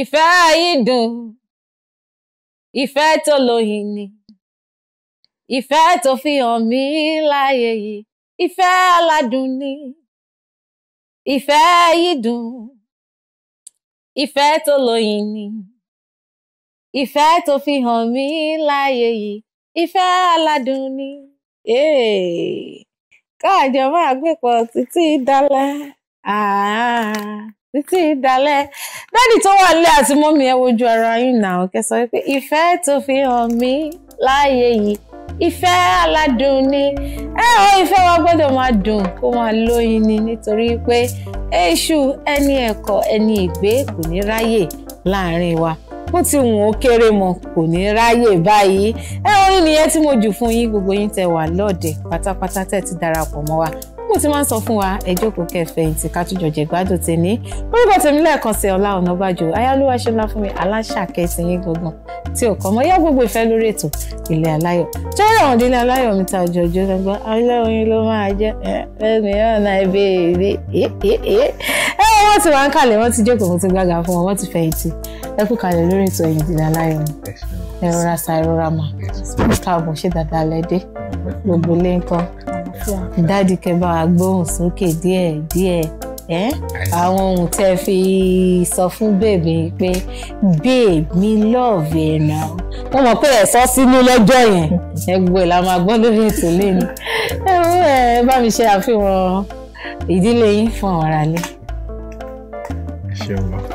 ìfẹ́ yín dùn ìfẹ́ tó lóyin ni ìfẹ́ tó fi hàn mí láyé yìí ìfẹ́ aládùn ni ìfẹ́ yín dùn ìfẹ́ tó lóyin ni ìfẹ́ tó fi hàn mí láyé yìí ìfẹ́ aládùn ni. káàjọ máa gbé pọ̀ títí dálẹ́. Ah títí dalẹ́ dáàdì tó wà nílé àti mọ́mí ẹ wojú ara yín náà kẹ́ sọ wípé ìfẹ́ tó fi hàn mí láàyè yìí ìfẹ́ aládùn ni ẹ ọ ìfẹ́ wa gbọ́dọ̀ máa dùn kó máa lóyin ni nítorí pé èṣù ẹni ẹ̀kọ́ ẹni ìgbé kò ní ráyè láàrin wa bó ti wùn ó kéré mọ kò ní ráyè báyìí ẹ orin nìyẹn tí mo jù fún yín gbogbo yín tẹ wà lóde pátápátá tẹ ti darapọ̀ mọ́ wa mo ti máa ń sọ fún wa ẹ jókòó kẹfẹ̀yìntì ká tún jọ jẹ gbádùn tèmi orúkọ tèmi lẹ́ẹ̀kan sí Ọlá Ọ̀nàbàjọ ayálúwa ṣe ńlá fún mi aláṣàkẹ́sì yín gangan tí ò kọ́ mọ́ yá gbogbo ìfẹ́ lórí ètò Ilé Aláyọ̀ tó rẹ̀ wọ́n délé aláyọ̀ mi ta ọjọ́ ọjọ́ lọ́gbọ́n aláwọ̀yìn ló máa jẹ́ ẹ̀ẹ́dẹ̀ẹ́dẹ̀ ọ̀nà ìbéèrè ẹ̀ẹ́ wọ́n ti wá ń kalẹ̀ wọ́n ti jókòó wọ́n ti gbága fún wọn wọ́n ti fẹ̀yìntì ẹ kú kalẹ̀ lórí ètò ẹ̀yìn Ilé Aláyọ̀ mi ẹ rọra sa ẹ rọra mà káàbọ̀ ṣe dáadáa lẹ́dẹ́ gbogbo lé dáàdì kẹ́ bá wa gbóhùn sókè díẹ̀ díẹ̀ àwọn ohun tẹ́ fi sọ fún bèbè pé babe mi love ẹ̀ náà wọ́n mọ̀ pé ẹ̀sọ́ sínú lọ́jọ́ yẹn ẹgbẹ́ la máa gbọ́n lórí ètò lẹ́nu ẹ bá mi ṣe àfihàn ìdílé yín fún àwọn ará lé.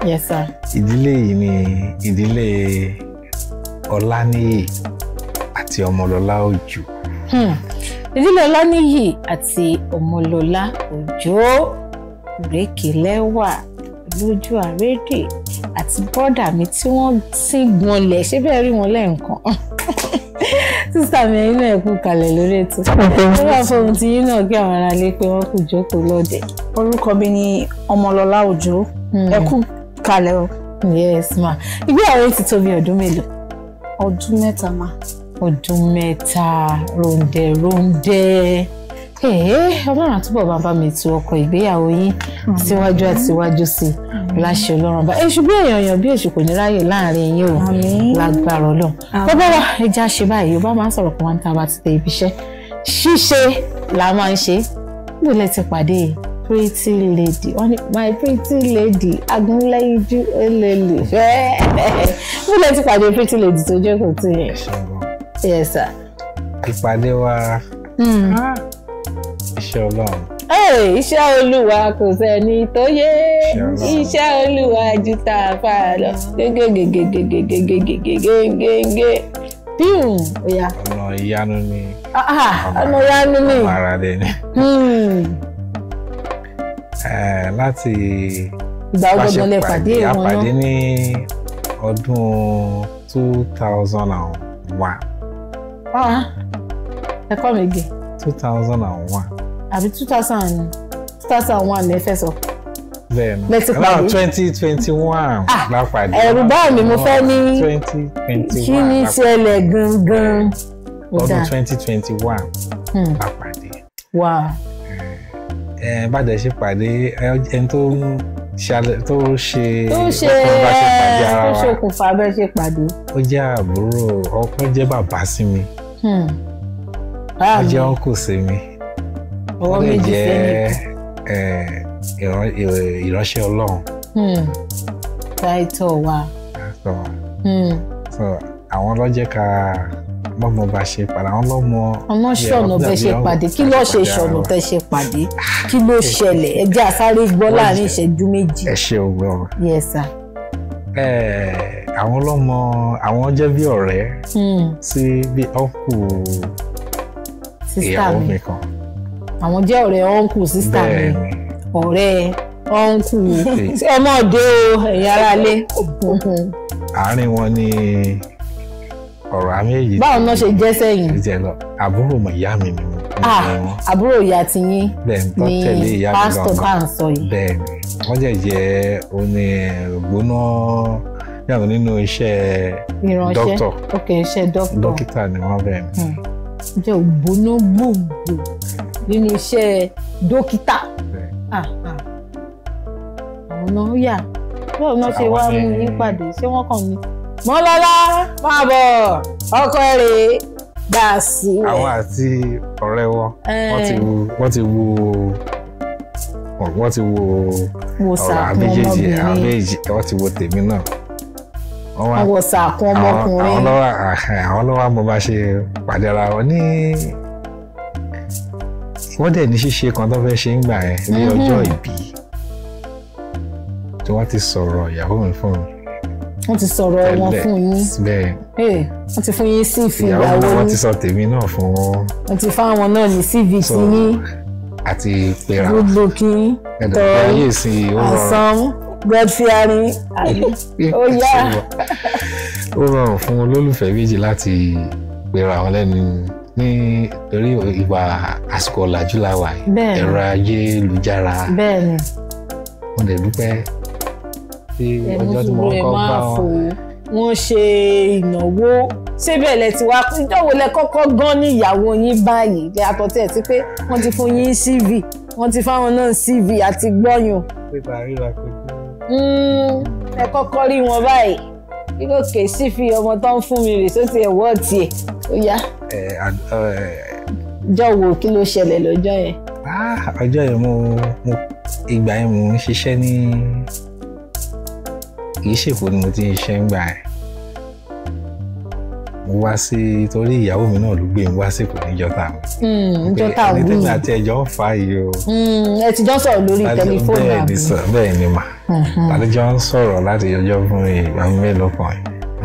yes sir. ìdílé yìí ni ìdílé Ọláníyì àti Ọmọlọlá Òjó. Hmm ìdílọ́lá níyì àti ọmọlọ́lá òjó rèkìlẹ́wà lójú àrédè àti bọ́dà mi tí wọ́n ti gbọ́nlẹ̀ ṣé bẹ́ẹ̀ rí wọn lẹ́ẹ̀kan sísá mi ẹ̀yin náà kú kalẹ̀ lórí ètò tó bá fóun ti yín náà kí àwọn aráalé pé wọ́n kù jókòó lọ́dẹ. orúkọ mi ni ọmọlọ́lá òjó hmm. ẹ kú kalẹ̀ o. yes ma ìgbéyàwó ti tó bí ọdún mélòó. ọdún mẹ́ta ma ọdún mẹ́ta ròǹdẹ̀ròǹdẹ̀ ọlọ́run àtúbọ̀ bá bá mi tu ọkọ̀ ìgbéyàwó yín síwájú àti síwájú sí i láṣẹ ọlọ́run bá èṣù bí èèyàn èèyàn bí èṣù kò ní ráàyè láàrin yín o lágbára ọlọ́run bàbá wa ẹja ṣe báyìí yorùbá máa ń sọ̀rọ̀ kan wá ń ta bá ti tẹ ibi iṣẹ́ ṣíṣe là máa ń ṣe nílẹ̀ ti pàdé pretty lady wọ́n my pretty lady agunlẹ́yinjú elele fẹ́ẹ́ nílẹ̀ ti pàdé pretty lady tó jẹ́ kò tí ì yes sir. ìpàdé wa hmm. ah. iṣẹ́ ọlọ́run. iṣẹ́ olúwa kò sẹ́ni tó yé iṣẹ́ olúwa ju tá a fà lọ gégégégégégégégégégégé píù ọ̀yà. Ah, ah, ọ̀nà ìyanu ni. ọ̀nà ìyanu ni. ọmọ ara rẹ ni. Hmm. Eh, láti. ìgbà ọgbọ̀n lè pàdé wọn. a pàdé ní ọdún two thousand and one ẹ kọ́ mi gè. two thousand and one. àbí two thousand and two thousand and one lẹ fẹ́ sọ. bẹ́ẹ̀ni lẹti pàdé twenty twenty one ah, la pàdé. ẹ̀rù bá mi mo fẹ́ ní kí ni ṣẹlẹ̀ gangan. ọdún twenty twenty one hmm. la pàdé. wà. ẹ bá dẹ̀ ṣe pàdé ẹni tó ń ṣàlẹ̀ tó ṣe tó ṣe tó ṣokùnfà bẹ́ẹ̀ ṣe pàdé. ó jẹ́ àbúrò ọkọ jẹ́ bàbá sí mi a jẹ́ wọn kò sí mi ọwọ́ méjì jẹ́ eh, ìránṣẹ́ ọlọ́run hmm. táìtọ̀ wa hmm. so àwọn lọ́jẹ́ ká mọ́mọ́ bá ṣe pàdé àwọn lọ́mọ́. ọ̀nà ṣọ̀nà bẹ́ẹ̀ ṣe pàdé kí ló ṣe ṣọ̀nà tẹ́ ṣe pàdé kí ló ṣẹlẹ̀ ẹ jẹ́ àsáré gbọ́ láàrin ìṣẹ́jú méjì. ẹ ṣe ògbọ́n. yes sir. ẹ̀ẹ́ eh, àwọn ọlọ́mọ àwọn jẹ́ bí ọ̀rẹ́ hmm. sí bí ọ́nkù ìyàwó mi kan. àwọn jẹ́ ọ̀rẹ́ ọ́nkù sísá mi ọ̀rẹ́ ọ́nkù ọmọdé o ẹ̀yin aráalé. àárín wọn ni ọ̀rọ̀ àméjì. báwo náà ṣe jẹ́ sẹ́yìn. ìjẹ́ lọ àbúrò mọ̀ ìyá mi ni mo. Ah, àbúrò ìyá ti yín ni pásítọ̀ tá ń sọ yìí. bẹ́ẹ̀ni wọn jẹ jẹ oní ògbóná yàtọ̀ nínú iṣẹ́ dókítà ok iṣẹ́ dókítà dókítà ni wọ́n bẹ̀ mí. Hmm. jẹ́ ògbóná gbòògbò nínú iṣẹ́ dókítà ah, ah. àwọn náà yà lóòótọ́ náà ṣe wá mú yín pàdé ṣé wọ́n kàn ní. mọ́lọ́lá máa bọ̀ ọkọ rèé gbà sí rẹ̀. àwọn àti ọ̀rẹ́ wọn wọ́n ti eh. wo wọ́n ti wo ọ̀rọ̀ àbíjèjì àbíjèjì wọ́n ti wo tèmi náà àwọ̀sà kan ọmọkùnrin. àwọn ló wá mo bá ṣe pàdé ara wọn ní wọ́n dẹ̀ ní ṣíṣe kan tó fẹ́ ṣe ń gbà yẹn ní mm-hmm. ọjọ́ ìbí tí wọ́n ti sọ̀rọ̀ ìyàwó mi fún mi. wọ́n ti sọ̀rọ̀ ẹ̀wọ̀n fún yín bẹ́ẹ̀ eh, wọ́n ti fún yín sí ìfìyàwó yín ìyàwó wọ́n ti sọ tèmi náà fún wọn. wọ́n ti fáwọn náà ní cv sí yín àti pera good looking tọ́ àsán god fearing àbí ó yá. ó rọrùn fún olólùfẹ́ méjì láti gbéra wọn lẹ́nu ní torí ìwà àsìkò ọ̀làjú la wà ẹ̀rọ ayélujára mo dẹ̀ dúpẹ́ pé ọjọ́ tí mo kọ́ bá wọn. wọ́n ṣe ìnáwó síbẹ̀ lẹ ti wá ìjọwò lẹ kọ́kọ́ gan ní ìyàwó yín báyìí lẹ àtọ̀tí ẹ̀ ti pé wọ́n ti fún yín CV wọ́n ti fáwọn náà CV àti gbọ́yàn. pé bàárẹ̀ rà pé kí Hmm, ẹ kọ́kọ́ rí wọn báyìí kí ló kè sí fi ọmọ tó ń fún mi rè sóti ẹ̀wọ́ tiẹ̀ ó yá. jọ̀wọ́ kí ló ṣẹlẹ̀ lọ́jọ́ yẹn. Ah, ọjọ́ yẹn mo mo ìgbà yẹn mo ń ṣiṣẹ́ ní kì í ṣèkó ni mo ti ń ṣiṣẹ́ ń gbà yẹn mo wá sí torí ìyàwó mi náà ló gbé mi wá sí kò ní jọta mi. Hmm, jọta òwú ẹni tí àti ẹjọ ń fa iye o. Hmm, ẹ ti jọ sọ̀rọ̀ lórí tẹlifóònù àbí. bẹ́ẹ̀ ni mà àtijọ́ hmm. ń sọ̀rọ̀ láti yọjọ́ fún ìyàwó mélòó kan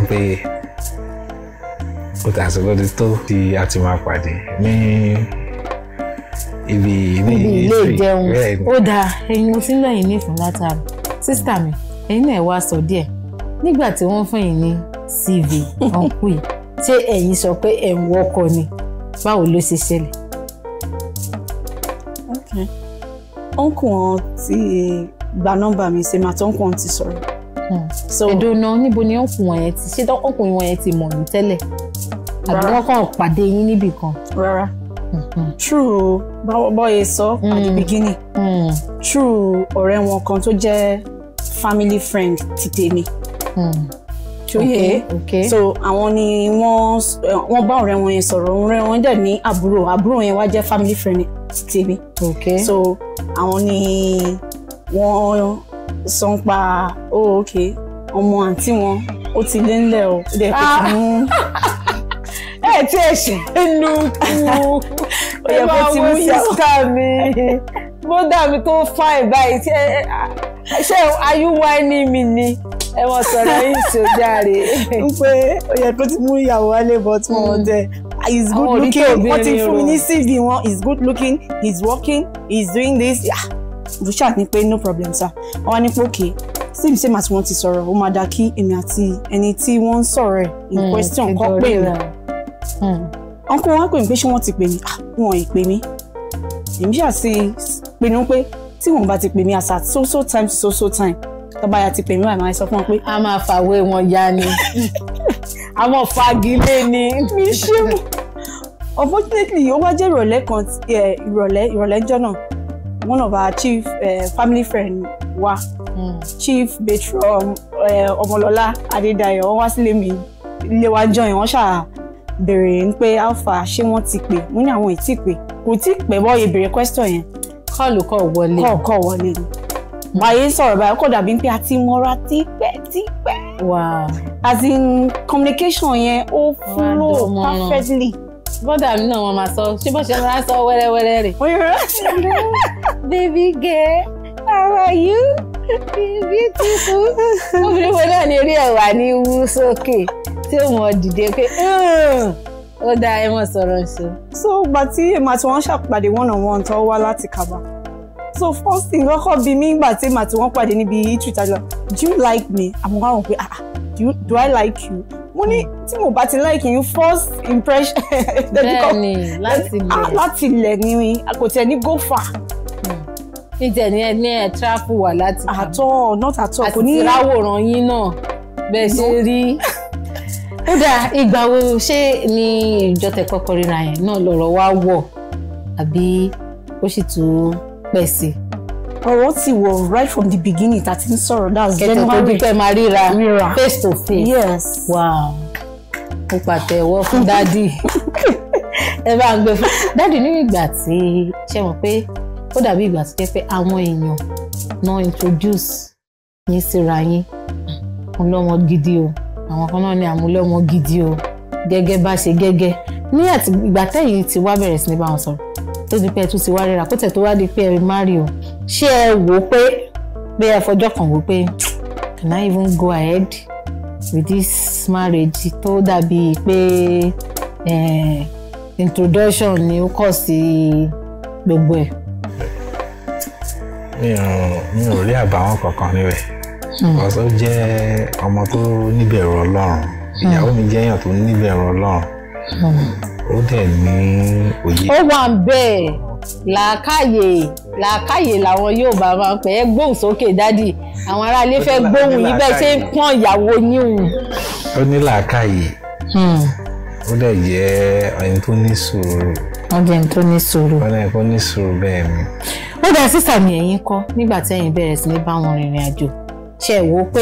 pé kò tàṣí lóde tó ti àti máa pàdé ní ibi ní ilé ìjẹun ó dáa ẹyin mo ti ń lọ yìí ní ìfún látàrí sísítà mi ẹyin náà wá sọ díẹ̀ nígbà tí wọ́n fún yìí ní CV ọ̀hún kù yìí ṣé ẹ̀yin sọ pé ẹ̀ ń wọ́kọ ni báwo ló ṣe ṣẹlẹ̀. ọ̀nkù wọn ti gba nọ́mbà mi ṣe máa tọ́nkù wọn ti sọ̀rọ̀. ẹ̀dùn hmm. náà níbo ni ọ̀nkù wọn yẹn ti ṣé ọ̀nkù wọn yẹn ti mọ̀ mí tẹ́lẹ̀ àbí wọ́n kàn pàdé yín níbì kan. rárá hmm. true bọ́yẹ sọ at the hmm. beginning true ọ̀rẹ́ wọn kan tó jẹ́ family friend ti tèmi ṣòye so àwọn ni wọn eh, wọn bá ọ̀rẹ́ wọn yẹn sọ̀rọ̀ ọ̀rẹ́ wọn dẹ̀ ní àbúrò àbúrò yẹn wá jẹ́ family friend títí mi so àwọn ni wọn sọ ń pa oh ok ọmọ àǹtí wọn ó ti lé ńlẹ̀ o dẹ̀ kò ti mú ẹ tí ẹ ṣe nu kú ó yẹ kó ti mú sísá mi bó dà mí tó fáìn báyìí ṣé ayúwa ẹni mi ni ẹ wọ́n sọ̀rọ̀ yìí sí ojà rè. n pé ó yẹ kó ti mú ìyàwó wálé bọ́ tí wọ́n dẹ̀ he's good looking wọ́n ti fún mi ní cv wọn he's good looking he's working he's doing this ah, bushak ni pé no problem sir wọ́n ní pé okay same same as wọ́n ti sọ̀rọ̀ ó máa dá kí èmi àti ẹni tí wọ́n ń sọ̀rọ̀ ẹ̀ in hmm, question kọ́ pè mí hmm. uncle wọn pè mí pé ṣé wọ́n ti pè mí ah, wọn ì pè mí èmi ṣáà sí pinnu pé tí wọ́n bá ti pè mí as at so so time so so time tọ́ba ya ti pè mí wà máa sọ fún ọ pé a máa fàwé wọn ya ni a máa fagilé ni mi ṣe mọ unfortunately ó wá jẹ́ ìrọ̀lẹ́ kan ìrọ̀lẹ́ ìrọ̀lẹ́ jọ náà one of our chief family friend wa hmm. chief matron um, ọmọlọ́lá adédayọ̀ wọ́n wá sílé mi ilé wa jọyìn wọ́n ṣáà béèrè ń pé alpha ṣé wọ́n ti pè mo ní àwọn ì tí pè kò tí pè bọ́ ìbéèrè question yẹn. kọ́ọ̀lù kọ́ wọlé kọ́ọ̀kọ́ wọlé ni ayé sọ̀rọ̀ báyìí kò dàbí pé a ti mọ́ra tipẹ́ tipẹ́. wow as in communication yẹn ó flow perfectly bọ́dà mi náà wọ́n máa sọ ṣé bọ́ ṣe máa sọ wẹ́rẹ́wẹ́rẹ́ rẹ̀. oye rẹ. baby girl how are you be beautiful. obìnrin wo náà ni orí ẹ̀ wà ní wú sókè tí ó mọ̀ dìde pé hmm, ó dáa ẹ mọ̀ sọ̀rọ̀ ṣe. so gbàtí èmi àti wọn ṣàpàdé one on one tó wá láti Kaba so first thing kọ́kọ́ bí mi ìgbà tí màá ti wọ́n pàdé níbi twitter jọ do you like me àmọ́ wá wọn ah, ah do, do i like you mo ní tí mo bá ti like you first impression. bẹ́ẹ̀ni láti ah, ilẹ̀ láti ilẹ̀ ni kò tẹ ní go far níjẹ hmm. ní ẹ ní ẹ tíráfù wà láti kàn at all not at all kò ní àti ráwòrán yín náà bẹ́ẹ̀ ṣe rí kódà ìgbà wo ṣé ní ìjọ tẹ kọ́kọ́ ríra yẹn náà lọ̀rọ̀ wá wọ̀ àbí ó sì tún Mercy ọ̀rọ̀ ti wọ̀ right from the beginning tá a ti ń sọ̀rọ̀ that's January kẹtẹ tó dúpẹ́ máa ríra face to face yes wow mo pàtẹ́wọ́ fún dádì ẹ bá ń gbé fún dádì nínú ìgbà tí ṣe mọ̀ pé ó dàbí ìgbà tó pé àwọn èèyàn náà introduce yín síra yín amúlọ́mọ gidi o àwọn kan náà ní amúlọ́mọ gidi o gẹ́gẹ́ bá ṣe gẹ́gẹ́ ní ìgbà tẹ́yìn ti wá bẹ̀rẹ̀ sí ní bá wọn tó di pé ẹ tún ti wá ríra kó tẹ̀ tó wá di pé ẹ má rí o ṣé ẹ wò ó pé pé ẹ fọjọ́ kan wò ó pé can I even go ahead with this marriage tó dàbí pé eh, introduction ni ó kọ̀ sí gbogbo ẹ̀. mi ò mi ò rí àbàwọ́n kankan níbẹ̀ ọ̀sán hmm. jẹ́ ọmọ tó níbẹ̀rù ọlọ́run hmm. ìyàwó mi jẹ́ èèyàn tó níbẹ̀rù ọlọ́run hmm ó dẹ̀ ní òye. ó wà ń bẹ́ẹ̀ làákàyè làákàyè làwọn yóò bá máa pẹ́ ẹ gbóhùn sókè dádì àwọn aráalé fẹ́ gbóhùn yìí bẹ́ẹ̀ ṣe ń pọ́n ìyàwó yín. ó ní làákàyè hmm. ó dẹ̀ jẹ́ ẹni tó ní sùúrù. wọ́n jẹ́ ẹni tó ní sùúrù. wọ́n jẹ́ ẹni tó ní sùúrù bẹ́ẹ̀ ni. ó dá sísà mi ẹ̀yìn kọ́ nígbà tí ẹ̀yin bẹ̀rẹ̀ sí ní bá wọn rìnrìn àjò ṣe é wo pé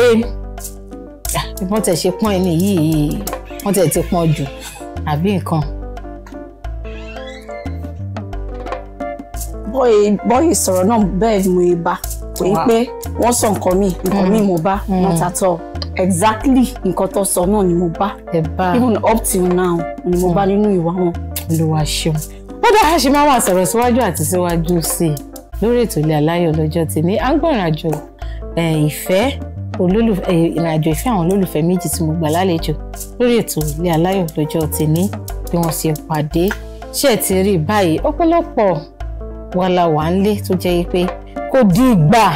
wọ́n tẹ̀ ṣe pọ́n ẹni yìí wọ́n tẹ̀ ti pọ́n jù àbí nǹkan. bọ́yì sọ̀rọ̀ náà bẹ́ẹ̀ ni mo yẹ bá kò yí pé wọ́n sọ nǹkan mi nǹkan mm. mi mo bá mm. not at all exactly nǹkan tó sọ náà ni mo bá even up till now ni mo bá mm. nínú ìwà wọn. olùwà ṣeun ó dáa ṣe máa wà sọ̀rọ̀ síwájú àti síwájú sí i lórí ètò ilé aláyọ̀ lọ́jọ́ tèmi à ń gbọ́ ìrìnàjò ìfẹ́ olólùfẹ́ ìrìnàjò ìfẹ́ àwọn olólùfẹ́ méjì tí mo gbà lálejò lórí ètò ilé aláyọ̀ lọ́jọ́ tèmi bí wọ́n ṣe pàdé ṣe ti rí báyìí ọ̀pọ̀lọpọ̀ wa la wà ń lé tó jẹ́ pé kò di ìgbà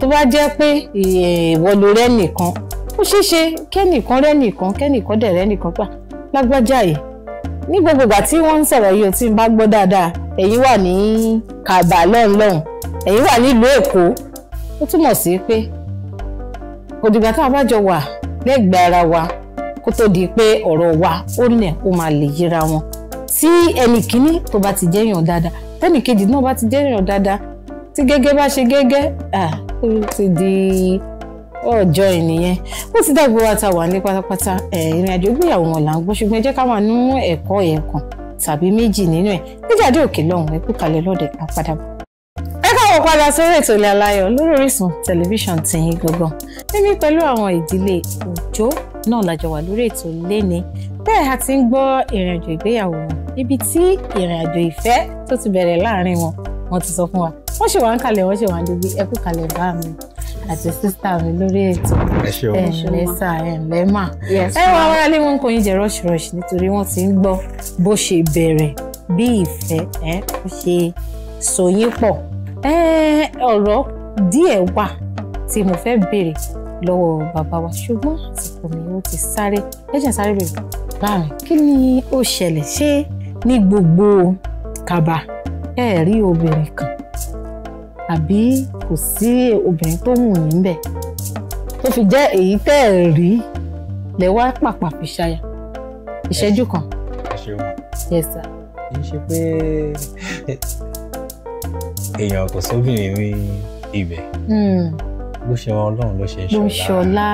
tó bá jẹ́ pé ìwọ ló rẹ́ nìkan ó ṣeéṣe kẹ́nìkan rẹ́ nìkan kẹ́nìkan dẹ̀ rẹ́ nìkan pa lágbájá yìí ní gbogbo ìgbà tí wọ́n ń sọ̀rọ̀ yìí tí n bá gbọ́ dáadáa ẹ̀yin wà ní kàbà lọ́hùn lọ́hùn wà nílùú èkó ó túmọ̀ sí pé kò dìgbà tá a bá jọ wà lẹ́gbẹ̀ẹ́ ara wa kó tó di pé ọ̀rọ̀ wa ó nẹ̀ ó máa lè yíra wọn tí ẹnì kíní tó bá ti jẹ́yàn dáadáa tẹ́nì kejì náà bá ti jẹ́ èèyàn dáadáa tí gẹ́gẹ́ bá ṣe gẹ́gẹ́ ó ti di ọjọ́ ìnìyẹn ó ti dàgbò wa ta wà ní pátápátá ìrìn àjò ìgbéyàwó wọn là ń gbọ́ ṣùgbọ́n ẹ jẹ́ ká máa nú ẹ̀kọ́ yẹn kan tàbí méjì nínú ẹ̀ níjàdé òkè lọ́hùn-ún ẹ kú kalẹ̀ lọ́dẹ̀ àpadàbọ̀ káwọ̀ padà sórí ètò Ilé Aláyọ̀ lórí Orísun tẹlifíṣàn tìyín gbọ̀ngàn níbi pẹ̀lú àwọn ìdílé Òjó náà lájọ wà lórí ètò lẹ́ni bẹ́ẹ̀ a ti ń gbọ́ ìrìnàjò ìgbéyàwó wọn níbi tí ìrìnàjò ìfẹ́ tó ti bẹ̀rẹ̀ láàrin wọn wọn ti sọ fún wa wọ́n ṣe wà ń kalẹ̀ wọ́n ṣe wà ń dogi ẹ kalẹ̀ bá mi àti sísá mi lórí ètò ẹ̀ǹlẹ́ sà ẹ̀ǹlẹ́ mà ẹ wọ àwọn wọn kò yín jẹ rush rush nítorí wọ́n ti ń gbọ́ bó ṣe bẹ̀rẹ̀ bí ìfẹ́ ẹ ṣe so pọ̀ ọ̀rọ̀ díẹ̀ wà tí mo fẹ́ béèrè lọ́wọ́ bàbá wa ṣùgbọ́n àsìkò mi ó ti sáré ẹ sáré bèrè bàbá mi kí ni ó ṣẹlẹ̀ ṣé ní gbogbo Kaba ẹ rí obìnrin kan àbí kò sí obìnrin tó wù yín bẹ̀ tó fi jẹ́ èyí tẹ́ ẹ̀ rí lẹ wá pàpà fi ṣaya ìṣẹ́jú kan. ẹ ṣeun. yes sir. kì í ṣe pé èèyàn kò sóbìnrin ní ibẹ̀. Hmm bó ṣe wọn ọlọ́run ló ṣe ń ṣọlá ló ń ṣọlá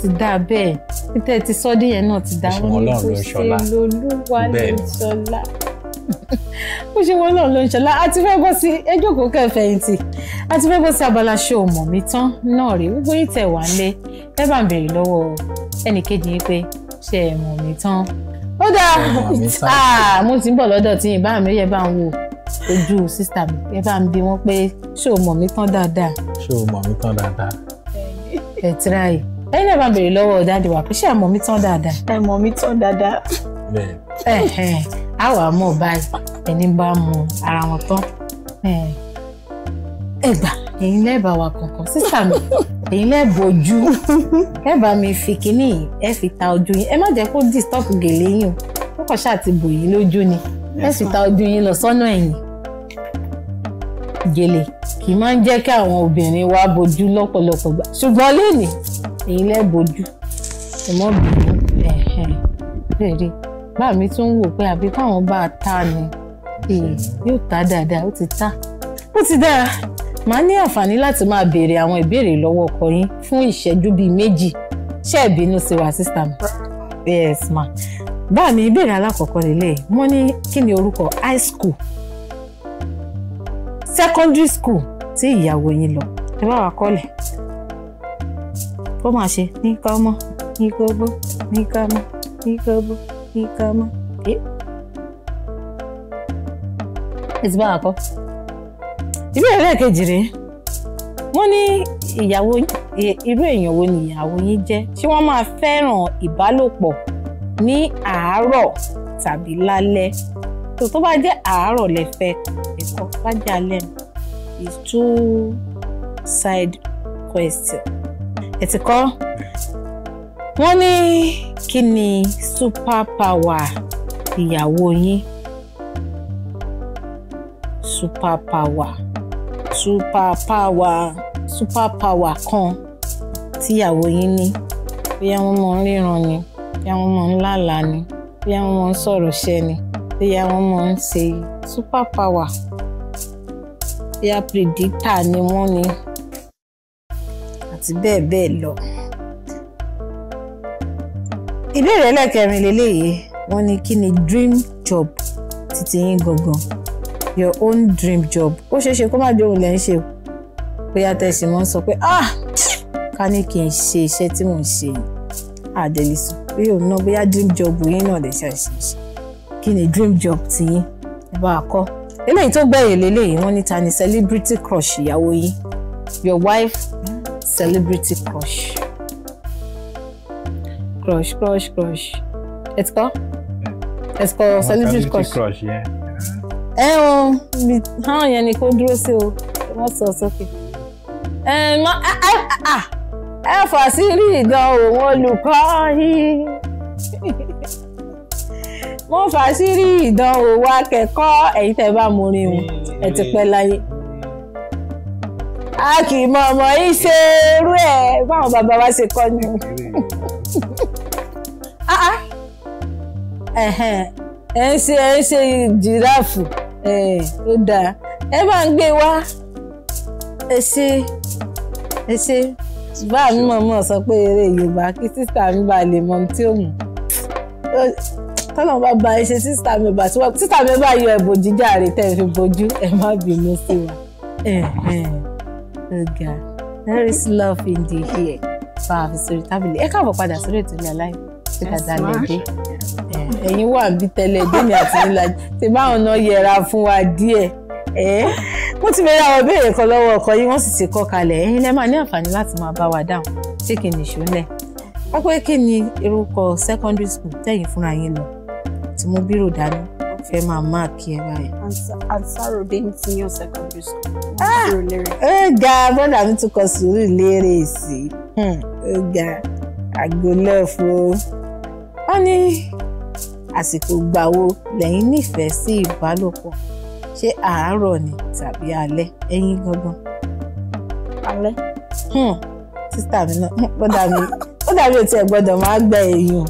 ti dá bẹ́ẹ̀ títẹ ti sọdí yẹn náà ti dá wọn ní tó ṣe lolúwa ló ń ṣọlá bó ṣe wọn ọlọ́run ló ń ṣọlá a ti fẹ́ bọ́ sí ẹjọ́kọ̀ kẹfẹ̀yìntì a ti fẹ́ bọ́ sí abala ṣe ò mọ̀ mí tán náà rí gbogbo yìí tẹ̀ wá lé ẹ bá ń béèrè lọ́wọ́ ẹnìkejì yín pé ṣe ẹ mọ̀ mí tán ó dáa ah, mo ti ń bọ̀ lọ́dọ̀ tí ìbá mi yẹ bá ń wò ojú sísá mi ẹ bá ń bi wọn pé ṣé o mọ̀ mí tán dáadáa. ṣé o mọ̀ mí tán dáadáa. ẹ tíráyì ẹyin náà bá ń béèrè lọ́wọ́ dáàdì wa pé ṣé ẹ mọ̀ mí tán dáadáa. ẹ mọ̀ mí tán dáadáa. bẹ́ẹ̀ á wà á mọ̀ báyìí ẹni bá mọ ara wọn tán ẹ gbà ẹ̀yin lẹ́ẹ̀bà wa kọ̀ọ̀kan sísá mi ẹ̀yin lẹ́ẹ̀bà ojú lẹ́ẹ̀bà mi fi kínní ẹ fi ta ojú yín ẹ má jẹ́ kó dìstọ́pù gèlè yín o ó kàn ṣáà ti bò yín lójú ni ẹ sì ta ojú yín lọ sọ́nà ẹ̀yìn gèlè kì í máa ń jẹ́ kí àwọn obìnrin wa bojú lọ́pọ̀lọpọ̀ gbà ṣùgbọ́n lénìí èyí lẹ́ bojú ẹ mọ́ bínú rere bá mi tún wò pé àbí káwọn bá a ta ni yóò ta dáadáa ó ti ta ó ti dára màá ní àǹfààní láti máa béèrè àwọn ìbéèrè lọ́wọ́ ọkọ yín fún ìṣẹ́jú bíi méjì ṣé ẹ bínú sí wa sísá mi yes ma bá mi ìbéèrè alákọ̀ọ́kọ́ nílé wọ́n ní kí ni orúkọ high school secondary school tí ìyàwó yín lọ ẹ bá wa kọ́lẹ̀ ó máa ṣe ní kámọ́ ní kóbó ní kámọ́ ní kóbó ní kámọ́ ẹ ẹ ti bá wa kọ́ ìbéèrè lẹ́ẹ̀kejì rèé wọ́n ní ìyàwó irú èèyàn wo ni ìyàwó yín jẹ́ ṣé wọ́n máa fẹ́ràn ìbálòpọ̀ ní àárọ̀ tàbí lálẹ́ tó tó bá jẹ́ àárọ̀ lẹ fẹ́ ẹ̀kọ́ bá jẹ́ is two side question ẹ ti kọ́ wọ́n ní kí ni super power ìyàwó yín super power super power super power kan tíyàwó yín ní bóyá wọ́n mọ̀ ń ríran ni bóyá wọ́n mọ̀ ń lálà ni bóyá wọ́n mọ̀ ń sọ̀rọ̀ ṣẹ́ ni bóyá wọ́n mọ̀ ń ṣe super power bóyá predictor ni wọ́n ni àti bẹ́ẹ̀ bẹ́ẹ̀ lọ. ìbéèrè ẹlẹ́kẹrin lélẹ́yìí wọ́n ní kí ni dream job títí yín gangan your own dream job ó ṣeé ṣe kó má jẹ́ òun lẹ́ ń ṣe bóyá tẹ̀sí mọ́ ń sọ pé ah ká ní kí n ṣe iṣẹ́ tí mò ń ṣe yìí àdẹ̀lẹ́sùn bí òun náà bóyá dream job yín náà lè ṣàṣìṣe kí ni dream job ti yín ẹ bá a kọ́ eléyìí tó gbẹ̀yìn lélẹ́yìí wọ́n ní ni celebrity crush ìyàwó yín your wife celebrity crush crush crush crush ẹ ti kọ́ ẹ celebrity crush ẹ o hàn yẹn ni kó dúró sí o wọ́n sọ sókè ẹ má ah ah ẹ fà sí rí ìdán òun olùkọ́ yìí mo fà sí rí ìdán òun akẹ́kọ̀ọ́ ẹ̀yin tẹ́ bá mo rin o ẹ ti pẹ́ láyé a kì í mọ ọmọ yìí ṣe irú ẹ báwọn bàbá wa ṣe kọ́ ni ah, ah. ẹ ń ṣe ẹ ń ṣe jìráàfù ó dáa ẹ máa ń gbé wá ẹ ṣe ẹ ṣe ṣùgbọ́n àmì mọ̀mọ́ sọ pé eré yorùbá kí sísá mi bá lè mọ tí ó mú tọ́lọ́mù bá ba ẹṣẹ sísá mi bá tí wọ́n sísá mi bá yọ ẹ̀bùn jíjà rè tẹ́ ẹ fi bojú ẹ má bínú sí wa. ọ̀gá there is love in the air fa àfi sórí tábìlì ẹ káàbọ̀ padà sórí ètò ìlẹ̀ aláì tí dàda lè dé ẹ̀yin wà bí tẹ́lẹ̀ dé àti nílá ti báwọn náà yẹra fún wa díẹ̀ wọ́n eh? ti bẹ̀rẹ̀ àwọn ìbéèrè kan lọ́wọ́ ọkọ yìí wọ́n sì ti kọ́ kalẹ̀ ẹ̀yin lẹ́ẹ̀ máa ní àǹfààní láti máa bá wa dáhùn ṣé kí ni ìṣúnlẹ̀ wọ́n pé kí ni orúkọ secondary school tẹ̀yìn fúnra yín lọ tí mo bírò dání fẹ́ máa máàkì ẹ báyìí. ansaro bẹ́ẹ̀ ti yan secondary school. Ah! ó ga bọ́dà mi tún kọ sùúrù léèrè sí i hmm, ó ga àgbélẹ̀fọ́ wọ́n ní àsìkò gbàwo lẹ́yìn nífẹ̀ẹ́ sí ìbálòpọ̀ ṣé àárọ̀ ni tàbí alẹ́ ẹ̀yin gangan. alẹ́. Hmm. sísítà mi náà bọ́dà hmm. mi bọ́dà mi ò tiẹ̀ gbọ́dọ̀ máa gba èèyàn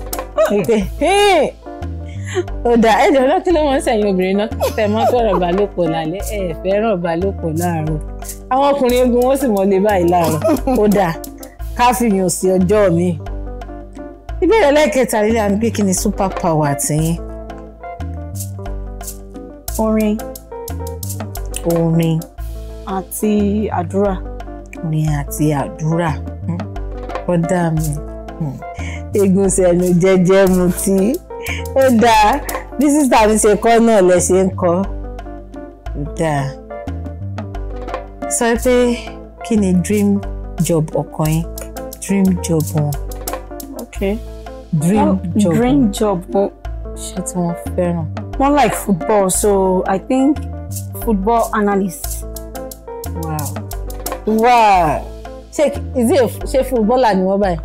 ó dà ẹ jọ̀ọ́ náà kí ló wọ́n sẹ̀yìn obìnrin náà tẹ̀ mọ́ tọ̀rọ̀ balòpọ̀ lálẹ́ ẹ fẹ́ràn balòpọ̀ láàárọ̀ àwọn ọkùnrin egun wọ́n sì mọ́lé báyìí láàárọ̀ ó dà ká fi yàn sí ọjọ́ mi. ìbéèrè lẹ́ẹ̀kẹta lílẹ̀ àni pé kí ni super power tiyín. orin orin àti àdúrà. orin àti àdúrà hmm. ó dá mi hmm. egun sẹ́nu jẹ́jẹ́ mu tí ó dáa bí sísá mi ṣe kọ́ náà lẹ ṣe ń kọ́ ó dáa sọ pé kí ni dream job ọkọ yín dream job wọn. okay dream well, job dream job wọn. ṣé tí wọ́n fẹ́ràn. wọ́n like football so I think football analyst. wow wow ṣé it? ṣe footballer ni wọ́n báyìí.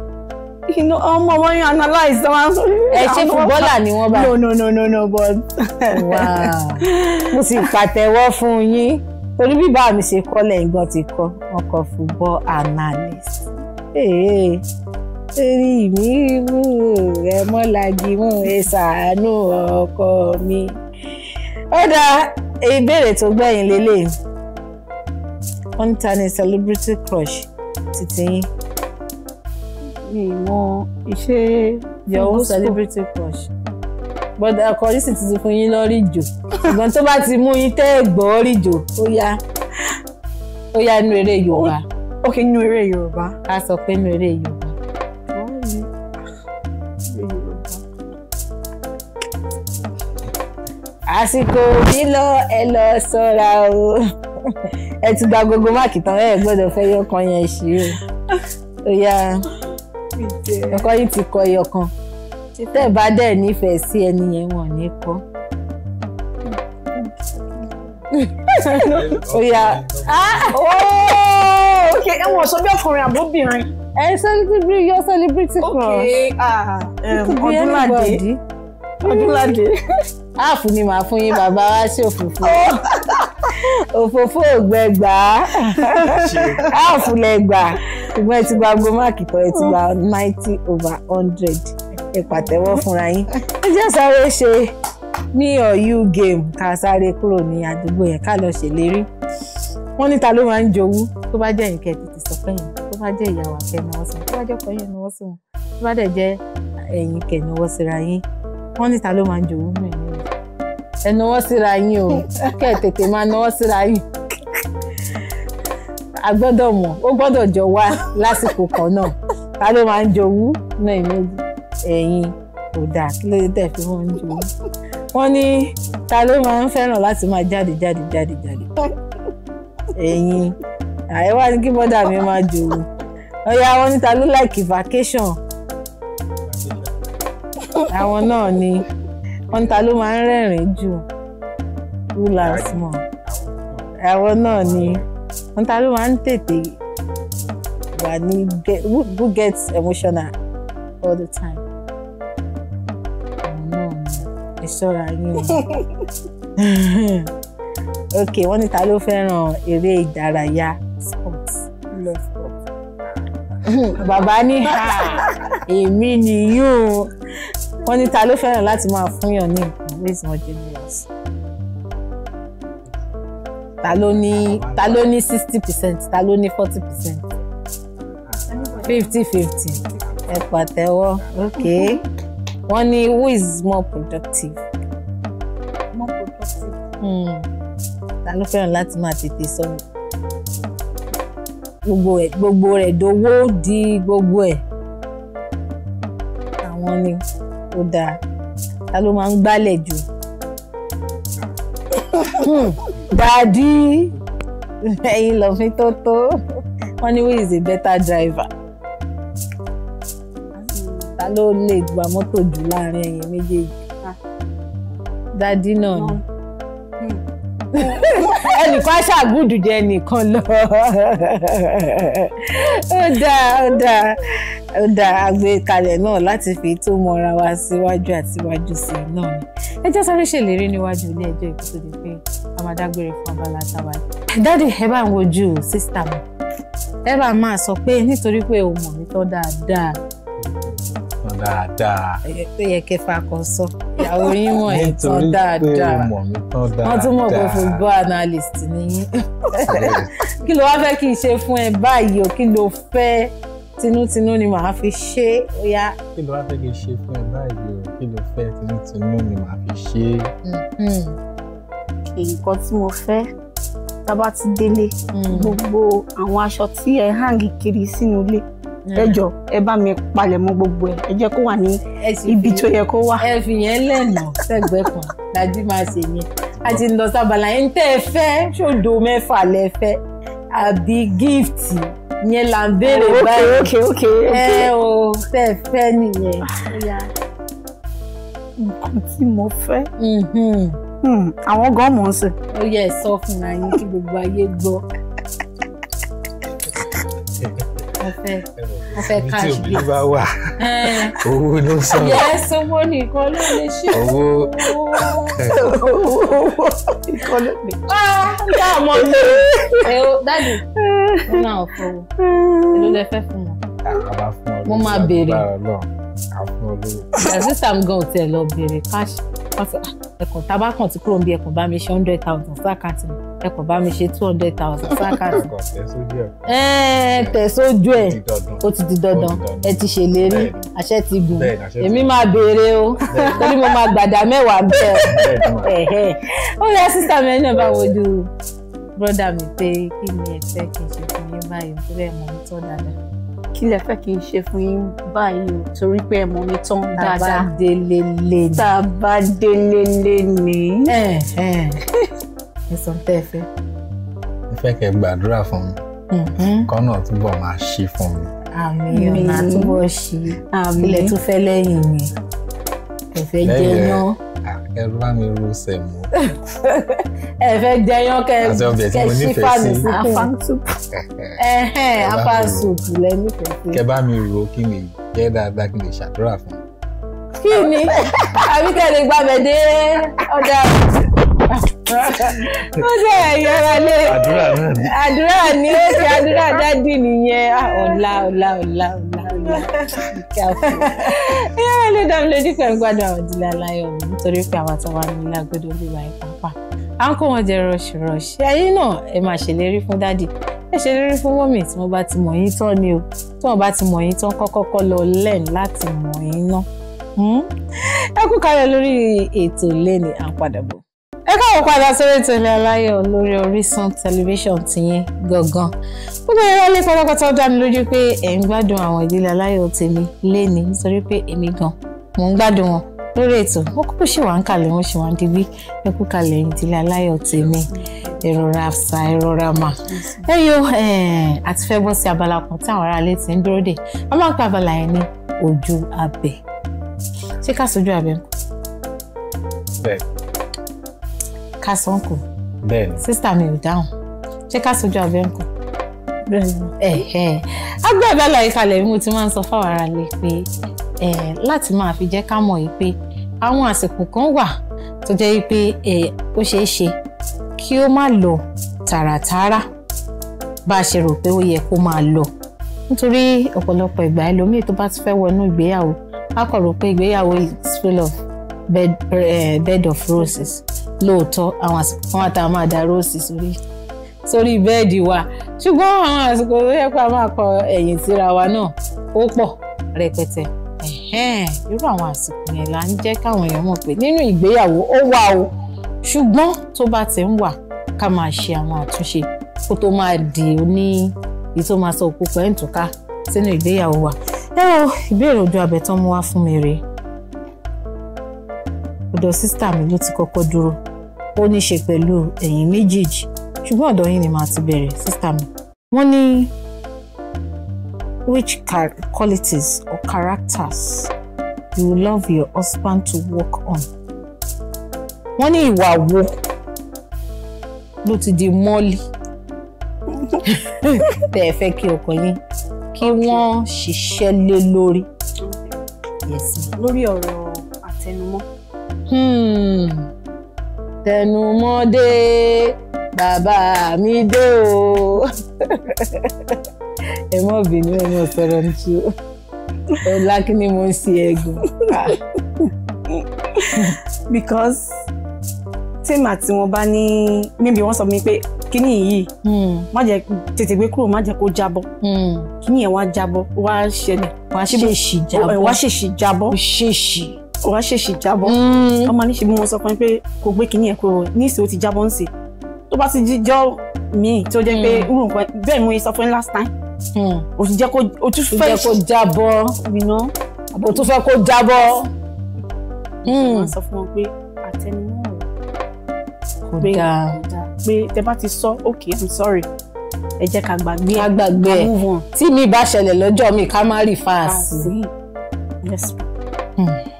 you know ọmọ wọn yóò analyse wọn. ẹ ṣe footballer ni wọ́n báyìí. no no no no no but. wow mo sì pàtẹ́wọ́ fún yín torí bí bá mi ṣe kọ́lẹ̀ ìgbọ́n ti kọ́ wọn kọ football analyst. Hey torí mi mú rẹ mọ́lagi mú ẹ ṣàánú ọkọ mi. ó dáa ìbéèrè tó gbẹ̀yìn lélẹ̀ wọ́n ní ta ni celebrity crush títí yín. ìmọ̀ iṣẹ́ yòówó celebrity crush bọ́dà akọrin sì ti fún yín lọ́rí jò ṣùgbọ́n tó bá ti mú yín tẹ́ ẹ̀gbọ́ rí jò ó yá ó yá inú eré Yorùbá. ó kì í inú eré Yorùbá. a sọ pé inú eré Yorùbá. àsìkò òbí lọ ẹ lọ sọ́ra o ẹ ti gba gbogbo máàkì tán ẹ gbọ́dọ̀ fẹ́ yọkan yẹn ṣí o ó ọkọ yìí ti kọ yọkan tẹ́ ẹ bá dẹ̀ nífẹ̀ẹ́ sí ẹni yẹn wọ́n ní kọ́ ó ok ẹ wọ́n sọ bí ọkùnrin àbóbìnrin. ẹ celebrity your celebrity crush. Ah, ok ọdúnládé ọdúnládé áàfù ni màá fún yín bàbá wá sí òfófó òfófó ògbẹ́gbà áàfù lẹ́gbà ṣùgbọ́n ẹ ti gba aago máàkì kan ẹ ti gba ninety over hundred ẹ pàtẹ́wọ́ fúnra yín ẹ jẹ́ sáré ṣe ní ọ̀yú game ká sáré kúrò ní àdúgbò yẹn ká lọ ṣèlérí wọ́n níta ló máa ń jowú tó bá jẹ́ ìkẹ́ tètè sọ pé yẹn tó bá jẹ́ ìyàwó àkẹ́ náwó sí wọn tó bá jẹ́ ọkọ yẹn náwó sí wọn tó bá dẹ̀ jẹ́ ẹ̀yìn kẹ̀ náwó síra yín wọ́n níta ló máa ń jowú mẹ́rin ẹ náwó síra yín o kẹ́ ẹ tètè máa náwó síra yín a gbọ́dọ̀ mọ̀ ó gbọ́dọ̀ jọ wá lásìkò kan náà ta ló máa ń jowú náà ìmọ̀jú ẹ̀yin kò dáa kí ló dé tẹ̀ fi wọ́n ń jowú wọ́n ní ta ló máa ń fẹ́ràn láti máa jáde jáde jáde jáde ẹ̀yin àyẹ̀wò ni kí bọ́dà mi máa jowú ọ̀yà wọn ní ta ló like vacation àwọn náà ni wọ́n ta ló máa ń rẹ́rìn jù rulers mọ̀ àwọn náà ni wọ́n ta ló máa ń tètè wà ní who gets emotional all the time àwọn náà ni ẹ ṣọ́ra yín o ok wọ́n ní ta ló fẹ́ràn eré ìdárayá sports love sports bàbá ní ha èmi nìyí o wọ́n ní ta ló fẹ́ràn láti máa fúnyàn ní nǹkan based on ta ló ní ta ló ní sixty percent ta ló ní forty percent fifty fifty ẹ pàtẹ́wọ́ ok wọ́n ní who is more productive. more productive. Hmm. ta ló fẹ́ràn láti máa tètè sọ̀rọ̀ gbogbo ẹ̀ gbogbo rẹ̀ dowó di gbogbo ẹ̀ àwọn ni ó dáa ta ló máa ń gbálẹ̀ jù hmm, dàdí ẹ̀yin lọ́fín tó tó wọ́n ní who a better driver ta ló lè gba mọ́tò jù láàrin ẹ̀yin méjèèjì ah. dàdí náà ni ẹnìkan ṣàgùdù jẹ ẹnìkan lọ ó dáa ó dáa ó dáa àgbékalẹ̀ náà láti fi tó mọ́ra wa síwájú àti wájú sí i náà ẹ jẹ́ sáré ṣèlérí níwájú ilé ẹjọ́ ìkú tó di pé a fún abala táwa dáàdì ẹ bá ń wojú sísítà mi ẹ bá máa sọ pé nítorí pé o mọ̀ mi tán dáadáa dáadáa. ó yẹ kí fakọ sọ ìyàwó yín mọ̀ ẹ́ tán dáadáa nítorí pé mọ̀ mi tán dáadáa wọ́n tún mọ̀ pé football analyst ni yín kí ló wá fẹ́ kí n ṣe fún ẹ báyìí o kí ló fẹ́ tinútinú ni màá fi ṣe é ó yá. kí ló wá fẹ́ kí n ṣe fún ẹ báyìí o kí ló fẹ́ tinútinú ni màá fi ṣe é. nǹkan mm-hmm. tí mo fẹ́ tá ti délé mm. gbogbo àwọn aṣọ tí ẹ hàn kiri sínú ilé ẹ jọ ẹ bá mi palẹ̀mọ́ gbogbo ẹ ẹ jẹ́ kó wà ní ibi tó yẹ kó wà. ẹ fi yẹn lẹ́nà sẹ́gbẹ́ kan lájú máa ṣe yẹn a ti lọ sábàlá yẹn tẹ́ ẹ fẹ́ ṣòdo mẹ́fà lẹ fẹ́ àbí gíftì yẹn là ń béèrè oh, báyìí ẹ o tẹ́ ẹ fẹ́ nìyẹn. nǹkan tí mo fẹ́ mm-hmm. hmm, àwọn gan mọ̀ ọ́n sè. ó yẹ ẹ sọ fún wa yín kí gbogbo ayé gbọ́ ọfẹ cash bí. bí bá wà eh. owó ló sọ̀rọ̀. yes owó nìkan ló lè ṣe owó. owó nìkan ló lè. ọ̀gá ọmọ mi ẹ̀ o dáàdì ó náà ọ̀fọ̀ wo èló lẹ fẹ́ fún wọn. mo máa béèrè sísá mi gan ò tiẹ̀ lọ béèrè cash ah, ẹ̀kọ́ tábàkàn tí kúrò ń bí bá mi ṣe hundred thousand sáà kàtì ẹ kò bá mi ṣe two hundred thousand sákàtì ẹ tẹ̀sójú ẹ̀ ó ti di dandan ẹ ti ṣèlérí àṣẹ ti gùn èmi máa béèrè o torí mo máa gbàdá mẹ́wàá bẹ́ẹ̀ ẹ̀hẹ́ ó yẹ sísá mi ẹni náà bá wojú bọ́dà mi pé kí ni ẹ fẹ́ kí n ṣe fún yín báyìí torí ẹ̀ mọ̀ mi tọ́ dáadáa kí lẹ fẹ́ kí n ṣe fún yín báyìí o torí pé ẹ mọ mi tán dáadáa tá délé lé ní. tá délé lé ní ẹ sọ tẹ́ ẹ fẹ́. mo fẹ́ kẹ́ gbàdúrà fún mi mm-hmm. kọ́nà túbọ̀ máa ṣí fún mi. àmì ọ̀nà túbọ̀ ṣí ilẹ̀ tún fẹ́ lẹ́yìn mi ẹ fẹ́ jẹ́ náà ẹrú bá mi ru sẹ̀mú. ẹ fẹ́ jẹyán kẹ kẹ ṣífà ní síkùn ẹhẹn apasùpù lẹ́nìfẹ̀ẹ́. kẹ bá mi ro kí ni jẹ́ dáadáa kí ni ṣàdúrà fún mi. kí ni àbíkẹ́ lè gbàgbẹ́ dé ọ̀dà ó jẹ́ ẹ̀yára lé àdúrà ni ó ṣe àdúrà dádì nìyẹn ọ̀la ah, ọ̀la ọ̀la ọ̀la ọ̀la ẹ̀yára lé dá mi lójú pẹ̀lú gbádùn àwọn ìdílé aláyọ̀ mi nítorí pé àwọn àtàwọn àmì ní agbódò olúwa ẹ̀ pápá à ń kó wọn jẹ rọṣìrọṣì ẹ̀yin náà ẹ máa ṣèlérí fún dádì ẹ ṣèlérí fún mọ́mì tí wọ́n bá ti mọ̀ yín tán ni o tí wọ́n bá ti mọ̀ yín tán kọ́kọ́kọ́ lọ lẹ́ẹ̀n láti mọ̀ yín náà hmm? ẹ kú káyọ̀ lórí ètò lẹ́ni à ń padà bọ̀ ẹ káwọn padà sórí tẹlẹ aláyọ̀ lórí Orísun tẹlifíṣàn tìyín gangan gbogbo ẹ̀rọ ilé pátápátá dá mi lójú pé ẹ̀ ń gbádùn àwọn ìdílé aláyọ̀ tèmi léni nítorí pé èmi gan mò ń gbádùn wọn lórí ètò ó kúkú ṣì wà ń kalẹ̀ wọ́n ṣì wà ń digbí ẹ kú kalẹ̀ ìdílé aláyọ̀ tèmi ìrora àṣà ìrora mà ẹ eh, àti fẹ́ bọ́ sí abala kan tí àwọn aráalé ti ń dúró dè wọ́n máa ń pa abala yẹn ní ojú abẹ ṣé ká sojú abẹ ń kọ́. bẹ́ẹ̀ ká sọ ńkọ́. bẹ́ẹ̀ni. sísítà mi ò dáhùn ṣé ká sojú abẹ ńkọ́. bẹ́ẹ̀ni. agbẹ́ ìbálẹ̀ ìkàlẹ̀ mi mo ti máa ń sọ fáwọn ará lè pé láti máa fi jẹ́ ká mọ̀ yìí pé àwọn àsìkò kan wà tó jẹ́ pé ó ṣeé ṣe kí ó má lọ tààràtààrà bá a ṣe rò pé ó yẹ kó máa lọ nítorí ọ̀pọ̀lọpọ̀ ìgbà ẹlòmíì tó bá ti fẹ́ wọnú ìgbéyàwó a kò rò pé ìgbéyàwó is full of bed, uh, bed of roses lóòótọ́ àwọn àsìkò kan àtàwọn máa darú òsì sórí sórí bẹ́ẹ̀dì wa ṣùgbọ́n àwọn àsìkò tó yẹ pé a máa kọ ẹ̀yìn síra wa náà ó pọ̀ rẹpẹtẹ irú àwọn àsìkò yẹn là ń jẹ́ káwọn èèyàn mọ̀ pé nínú ìgbéyàwó ó wà o ṣùgbọ́n tó bá ti ń wà ká máa ṣe àwọn àtúnṣe kó tó máa di oní èyí tó máa sọ òkú pẹ́ǹtùká sínú ìgbéyàwó wa ẹ o ìbéèrè ojú abẹ tán mú wá fún mi rèé ọ̀dọ̀ sísítà mi ló ti kọ́kọ́ dúró ó ní ṣe pẹ̀lú ẹ̀yin méjèèjì ṣùgbọ́n ọ̀dọ̀ yín ni màá ti bẹ̀rẹ̀ sísá mi. wọ́n ní which qualities or characters you love your husband to work on. wọ́n ní ìwà wo ló ti di mọ́lì tẹ́ ẹ fẹ́ kí ọkọ yín kí wọ́n ṣiṣẹ́ lé lórí. lórí ọ̀rọ̀ àtẹnumọ́. Hmm tẹnumọ́dé bàbá mi dé o ẹ mọ bínú ẹ mọ sọ̀rọ̀ ní tí o ọlá kí ni mo ń ṣe ẹ̀gbọ́n. because tèmi àti wọn bá ní níbi wọn sọ mi pé kíní yìí hmm. má jẹ́ tètè gbé kúrò má jẹ́ kó jábọ́ hmm. kíní yẹn wá jábọ́ wá ṣẹlẹ̀ wá ṣèṣì jábọ́ wá ṣèṣì jábọ́ ṣèṣì wàá ṣèṣì jábọ́ ọmọ mm. níṣe bí mo sọ fún yín pé kò gbé kinní ẹ̀ kúrò ní ìsìn ó ti jábọ́ nsì tó bá ti jíjọ́ míì tó jẹ́ pé mm. irú nǹkan bẹ́ẹ̀ mo sọ fún yín last time o mm. ti jẹ́ kó o tún fẹ́ kó jábọ́ àbò tún fẹ́ kó jábọ́. wọ́n sọ fún wọn pé àtẹnumọ́ kò dáa pé tẹ bá ti sọ okay i'm sorry ẹ jẹ́ ká gbàgbé ká gbàgbé ẹ tí mi bá ṣẹlẹ̀ lọ́jọ́ mi ká má rí fáàsì. yes. Hmm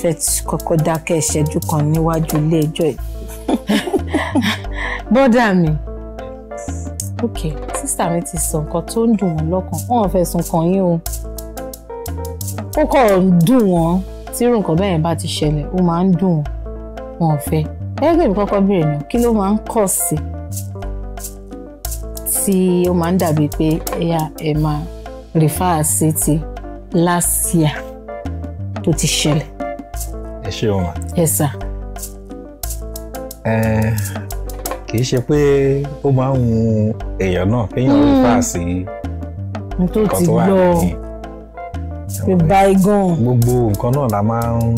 fẹ́ kọ́kọ́ dákẹ́ ìṣẹ́jú kan níwájú ilé ẹjọ́ yìí. bọ́dà mi ok sísà mi ti sọ nǹkan tó ń dùn wọ́n lọ́kàn wọ́n fẹ̀sùn kàn yín o ó kọ̀ ń dùn wọ́n tí irú nǹkan bẹ́ẹ̀ bá ti ṣẹlẹ̀ ó máa ń dùn wọ́n wọn fẹ́ ẹgbẹ́ mi kọ́kọ́ béèrè náà kí ló máa ń kọ̀ sí tí ó máa ń dàbí pé ẹ̀yà ẹ̀ máa rìfáà sí ti last year tó ti ṣẹlẹ̀ ẹ ṣe ọmọ. yes sir. ẹ kì í ṣe pé ó máa ń wù èèyàn náà kéèyàn rí fáàsì nǹkan tó wà nìyí. pé báyìí gan. gbogbo nǹkan náà la máa ń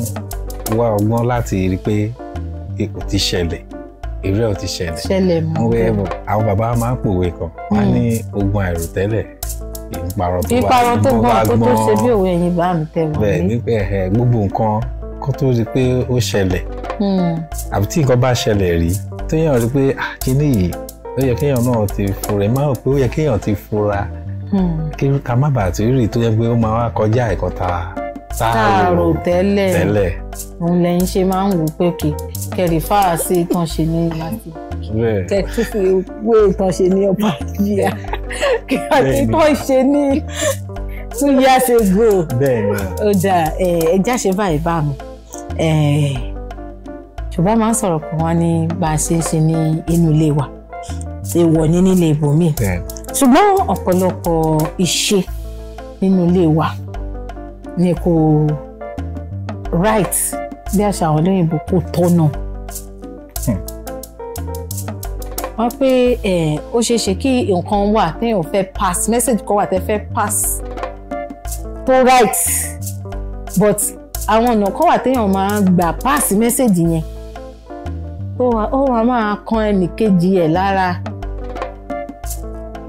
wá ọgbọ́n láti rí i pé ipò e, ti ṣẹlẹ̀ ìrẹ́ ò ti ṣẹlẹ̀. ṣẹlẹ̀ mọ́ bẹ́ẹ̀. àwọn bàbá máa ń pòwe kan wọ́n hmm. ní ogun àìròtẹ́lẹ̀ ìparọ̀ tó bá gbọ́n ìparọ̀ tó bá kó tó ṣe bí òwe ẹ̀yìn bá mi tẹ̀ wọ́n. bẹ́ẹ̀ nípa gbogbo nǹkan kó tó rí pé ó ṣẹlẹ̀ hmm. àbí tí nǹkan bá ṣẹlẹ̀ rí téèyàn rí pé kíní yìí ó yẹ kéèyàn náà ti fura ẹ máa rò pé ó yẹ kéèyàn ti fura hmm. kí ká má bàa tí rì tó yẹ pé ó máa wá kọjá ẹ̀kọ́ ta táàrò tẹ́lẹ̀ tẹ́lẹ̀ òun lẹ́yìn ṣe máa ń wò pé kì kẹrì fáàsì tán ṣe ní láti kẹtù fi wé e tán ṣe ní ọba yíyá kí àti tán ṣe ní two years ago ó dà ẹ ẹ jáṣe báyìí bá mi. Eh, ṣùgbọ́n máa ń sọ̀rọ̀ pé wọ́n ní bá a ṣe ń ṣe ní inú ilé wa èèwọ̀ ní nílé ibòmíì ṣùgbọ́n ọ̀pọ̀lọpọ̀ ìṣe nínú ilé wa ni kò right bí àṣà àwọn olóyìnbó kò tọ́nà hmm. wọ́n pé eh, ó ṣeé ṣe kí nǹkan wà téèyàn fẹ́ pass message kan wà tẹ́ fẹ́ pass tó right but àwọn ọ̀nà kan wà téèyàn máa gbà páàsì mẹ́sẹ̀gì yẹn ó wàá máa kan ẹnìkejì ẹ̀ lára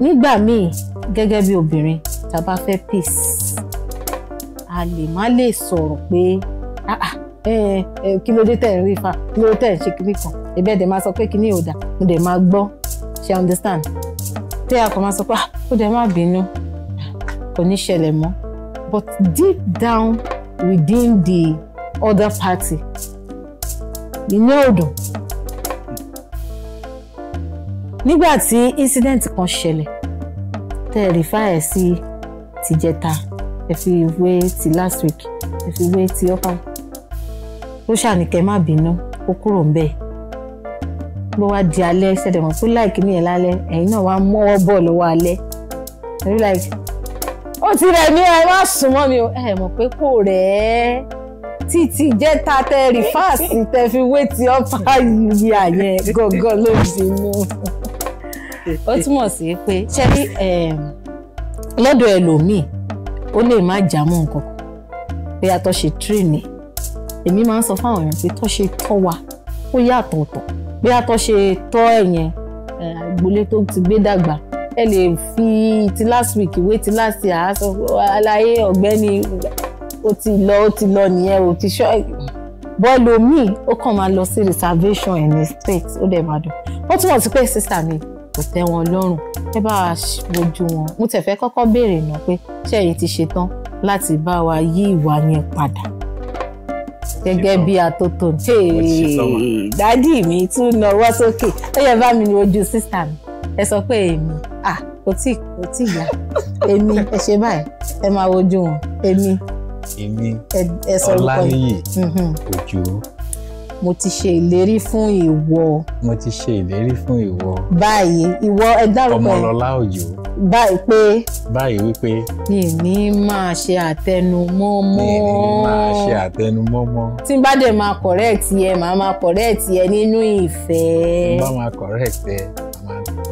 nígbà míì gẹ́gẹ́ bí obìnrin tá a bá fẹ́ peace a lè má lè sọ̀rọ̀ pé kí ló dé tẹ̀ ń rí fa kí ló dé tẹ̀ ń ṣe kíní kan ẹ̀bẹ̀ ẹ̀ dẹ̀ máa sọ pé kíní ò dà mo dẹ̀ máa gbọ́ ṣe understand tẹ́ a kò máa sọ pé ó dẹ̀ má bínú kò ní ṣẹlẹ̀ mọ́ but deep down within the other party ìyẹn ò dùn nígbà tí incident kan ṣẹlẹ̀ tẹ́ ẹ̀ rìfáyẹ̀ sí tìjẹta ẹ fi wé ti last week ẹ fi wé ti upper ó ṣàníkẹ́ má bínú ó kúrò ń bẹ́ẹ̀ bó wá di alẹ́ ṣẹ̀dẹ̀ wọn tó láìkí ní ẹ̀ lálẹ́ ẹ̀yin náà wá mọ́wọ́ bọ̀ lọ́wọ́ alẹ́ i feel like ó ti rẹ̀ mí ẹ má sùn mọ́ mi o ẹ mọ̀ pé kò rẹ̀ ẹ́ títí jẹ́ ta tẹ rìfáàsì tẹ fi wé ti ọ́pá yìí àyẹn gọ́gọ́ ló ti mú ó túmọ̀ sí pé ṣé rí lọ́dọ̀ ẹlòmíì ó lè má jà mọ́ nǹkan pé a tọ́ ṣe tírìnì èmi máa ń sọ fáwọn èèyàn pé tọ́ ṣe tọ́ wa ó yàtọ̀ ọ̀tọ̀ bí a ṣe tọ́ ẹ̀yẹn agboolé tó ti gbé dàgbà ẹ lè fi ti last week ìwé ti last year aṣọ aláyé ọ̀gbẹ́ni ó ti lọ ó ti lọ nìyẹn ó ti ṣọ́ bọ́ọ̀lù omi ó kàn máa lọ sí reservation the straight ó dẹ̀ máa dùn wọ́n túmọ̀ sí pé sísà mi kò tẹ́ wọn lọ́rùn ẹ bá wa wojú wọn mo tẹ̀ fẹ́ kọ́kọ́ béèrè náà pé ṣé ẹ̀yin ti ṣetán láti bá wa yí ìwà yẹn padà gẹ́gẹ́ bí atótó ṣe dádì mi tún náwó sókè ó yẹ bá mi ní ojú sísà mi ẹ sọ pé èmi à kò tí kò tí yá èmi ẹ ṣe báyìí ẹ máa wojú wọn èmi. èmi ọláníyì mhm. òjò. mo ti ṣe ìlérí fún ìwọ. mo ti ṣe ìlérí fún ìwọ. báyìí ìwọ ẹ dárúkọ ọmọlọlá òjò. báyìí pé. báyìí wípé. mi ní máa ṣe àtẹnumọ́ mọ́. mi ní máa ṣe àtẹnumọ́ mọ́. tí n bá dẹ̀ máa correct ẹ màá máa correct ẹ nínú ìfẹ́. n bá máa correct ẹ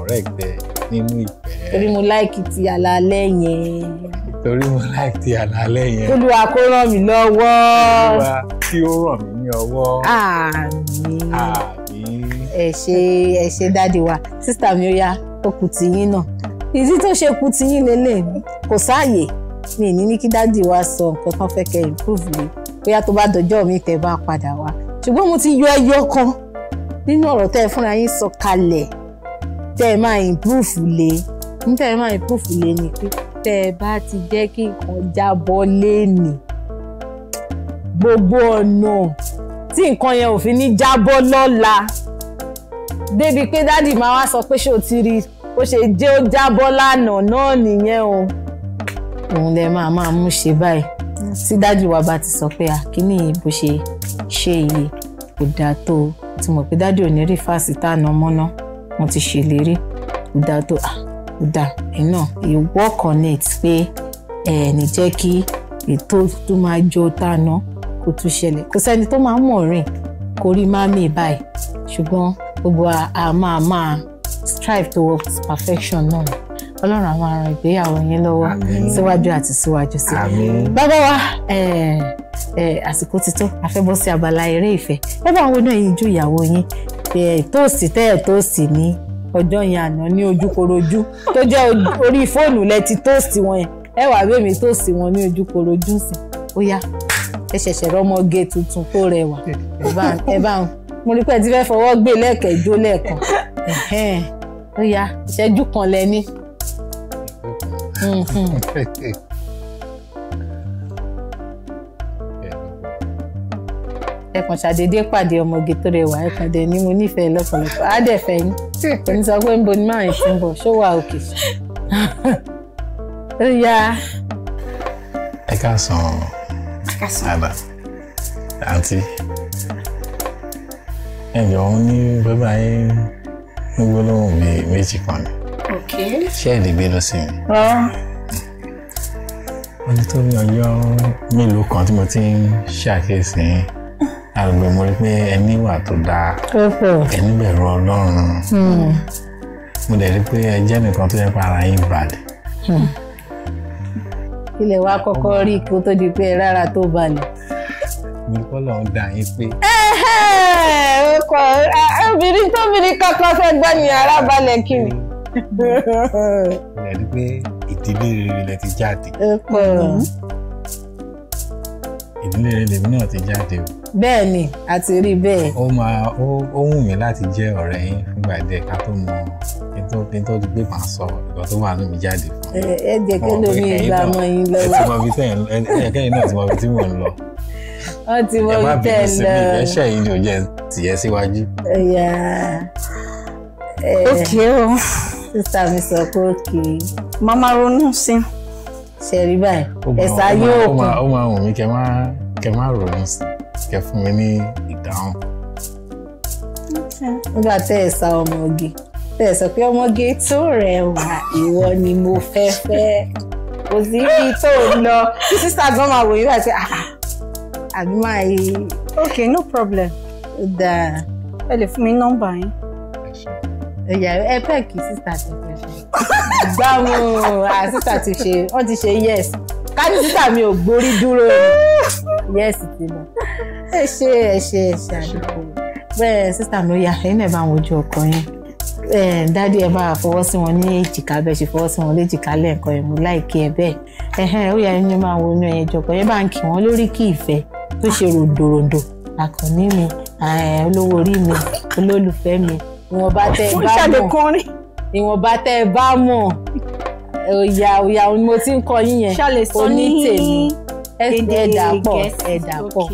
correct ẹ nínú ìpẹ́. torí mo láìkì ti àlàálẹ̀ yẹn. torí mo láìkì ti àlàálẹ̀ yẹn. olúwa kó ràn mí lọ́wọ́. olúwa kí ó ràn mí ní ọwọ́. àmín. àmín. ẹ ṣe wa sísítà mi ó yá ó kù tìyín náà ìdí tó ṣe kù tìyín lélẹ̀ kò sáàyè mi ní ní kí dáàdi wa sọ nǹkan kan fẹ́ kẹ́ improve lé bóyá tó bá dọjọ́ mi tẹ́ bá padà wá ṣùgbọ́n mo ti yọ ẹyọ kan nínú ọ̀rọ̀ tẹ́ ẹ fúnra yín sọ kalẹ̀ tẹ́ ẹ máa improve lé ní tẹ́ ẹ máa improve lé ni pé tẹ́ ẹ bá ti jẹ́ kí nǹkan jábọ́ léènì gbogbo ọ̀nà tí nǹkan yẹn ò fi ní jábọ́ lọ́la débi pé dádì máa wá sọ pé ṣé o ti rí ó ṣe jẹ́ ó jábọ́ lánàá náà nìyẹn o òun lẹ máa máa mú ṣe báyìí tí dádì wa bá ti sọ pé àkíní bó ṣe ṣe iye kò dáa tó o ti mọ̀ pé dádì ò ní rí fásitì àná mọ́ná wọ́n ti ṣèlérí ó dá tó à ah, dá ẹ̀ náà you work on it pé ẹ̀ ní jẹ́ kí ètò tó máa jó tàná kó tún ṣẹlẹ̀ kò sẹ́ni tó máa ń mọ̀ rìn kò rí má mi báyìí ṣùgbọ́n gbogbo a máa máa strive towards perfection náà ọlọ́run àwọn àrùn ìgbéyàwó yín lọ́wọ́ síwájú àti síwájú sí i bàbá wa àsìkò ti tó a fẹ́ bọ́ sí abala eré ìfẹ́ bàbá àwọn náà yìí ju ìyàwó yín pé ẹ tóòsì tẹ́ ẹ tóòsì ní ọjọ́ yẹn àná ní ojúkorojú tó jẹ́ orí fóònù lẹ ti tóòsì wọn yẹn ẹ wàá bẹ́ẹ̀ mi tóòsì wọn ní ojúkorojú sí ó yá ẹ ṣẹ̀ṣẹ̀ rọ́mọge tuntun tó rẹwà ẹ bá ń mo rí pé ẹ ti fẹ́ fọwọ́ gbé lẹ́ẹ̀kẹ́jọ lẹ́ẹ̀kan ó yá ìṣẹ́jú kan lẹ ní. Hmm, hmm. ẹ kàn ṣàdédé pàdé ọmọge tó rẹwà ẹ kàn dẹ̀ ní mo nífẹ̀ẹ́ lọ́pọ̀lọpọ̀ á dẹ̀ fẹ́ yín kò ní sọ pé ń bo ni máa ń ṣe ń bọ̀ ṣó wà òkè ó yá. ẹ ká sàn àdà àǹtí ẹ jọ̀ọ́ ní bàbá yín ní gbólóhùn bíi méjì kan ni ṣé ẹ lè gbé lọ sí mi wọ́n ní tó ní ọjọ́ mélòó kan tí mo ti ń ṣàkíyèsí yín àgbẹ̀ mo rí pé ẹni wà tó dáa ẹni bẹ̀rù ọlọ́run hmm. mo dẹ̀ rí pé ẹ jẹ́ nìkan tó yẹ pé ara yín balẹ̀. Hmm. ilẹ̀ wa kọ́kọ́ rí kó tó di pé rárá tó balẹ̀. mo kọ́ lọ́ọ́ da yín pé. obìnrin tóbìnrin kankan fẹ́ gbá ni ara balẹ̀ kiri. mo dẹ̀ rí pé ìdílé rere lẹ ti jáde. Hmm. ìdílé rere lèmi náà ti jáde o bẹ́ẹ̀ ni a ti rí bẹ́ẹ̀. ó máa ó ó wù mí láti jẹ́ ọ̀rẹ́ yín fúngbà díẹ̀ ká tó mọ ètò ètò ti gbé màá sọ ìgbà tó wà nù mí jáde fún mi. ẹ jẹ́ kí lómi ìgbà mọ yín lọ́wọ́. ẹ ti mọ ibi tẹ́ ẹ ẹ kẹ́yìn náà ti mọ ibi tí mò ń lọ. wọ́n ti mọ ibi tẹ́ ẹ lọ. ẹ má bínú sí mi ẹṣẹ́ yìí ni ò jẹ́ tìyẹ́ síwájú. ókè o sísá mi sọ pé ókè. màmá ronú sí ṣẹ̀rí báyìí ẹ̀sà yóò kù. ó máa wù mí kẹ́ máa ronú sí i kẹ́ fún mi ní ìdáhùn. nígbà tẹ́ ẹ sá ọmọge tẹ́ ẹ sọ pé ọmọge tó rẹwà ìwọ ni mo fẹ́ fẹ́ kò sí ibi tó lọ tí sísá gan máa wòye láti ah, ah, àbí máa yí. ok no problem. dáa. ẹ lè fún mi nọ́mbà yín ẹyà ẹ fẹ́ kí sísá ti fẹ́ ṣe gbámú sísá ti ṣe wọ́n ti ṣe yes kájú sísá mi ò gborí dúró yes ti lọ ẹ ṣe ẹ ṣe ẹ ṣe àdúgbò bẹ́ẹ̀ sísá mi yà ẹ̀yin náà bá wọn ojú ọkọ yẹn dádì ẹ bá fọwọ́ sí wọn ní èjìká bẹ́ẹ̀ ṣe fọwọ́ sí wọn léjìká lẹ́ẹ̀kan ẹ̀mú láìkí ẹ bẹ́ẹ̀ ẹ̀hẹ́n ó yà ẹ̀yin náà máa wo inú ẹ̀yẹn jọkọ yẹn bá ń kí wọn lórí kí ìfẹ́ tó ṣe ròdòròdò àkànní mi olówó orí mi olólùfẹ́ mi ìwọ̀nba tẹ́ ẹ bá mọ̀ ìwọ̀nba tẹ́ ẹ bá mọ̀ òyà òyà mo ti ń kọ yín yẹn onítèmi ẹ̀dà pọ̀ ẹ̀dà pọ̀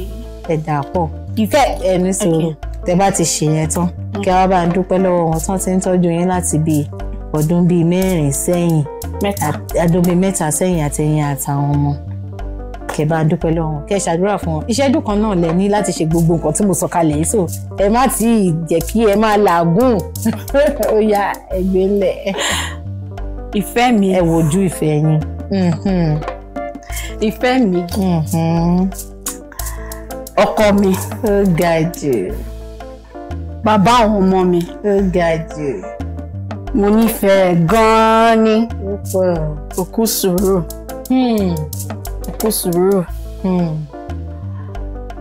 ẹ dà pọ̀ ìfẹ́ ẹni sọ̀rọ̀ tẹ bá ti ṣèyẹn tán mm. kí wọ́n bá ń dúpẹ́ lọ́wọ́ wọn tán ti ń tọ́jú yín láti bíi ọdún bíi mẹ́rin sẹ́yìn ọdún bíi mẹ́ta sẹ́yìn àtẹ̀yìn àtàwọn ọmọ kẹ bá dúpẹ́ lọ́wọ́ kẹ ṣàdúrà fún wọn ìṣẹ́jú kan náà lẹ ní láti ṣe gbogbo nǹkan tí mo sọ kalẹ̀ yìí so ẹ má ti jẹ́ kí ẹ máa làágùn ó ya ẹgbẹ́ lẹ̀. ìfẹ́ mi. ẹ wojú ìfẹ́ yín. ìfẹ́ mi. Mm-hmm ọkọ mi ó ga jù bàbá àwọn ọmọ mi ó ga jù mo nífẹ̀ẹ́ gan-an ní òkú sùúrù òkú hmm. sùúrù hmm.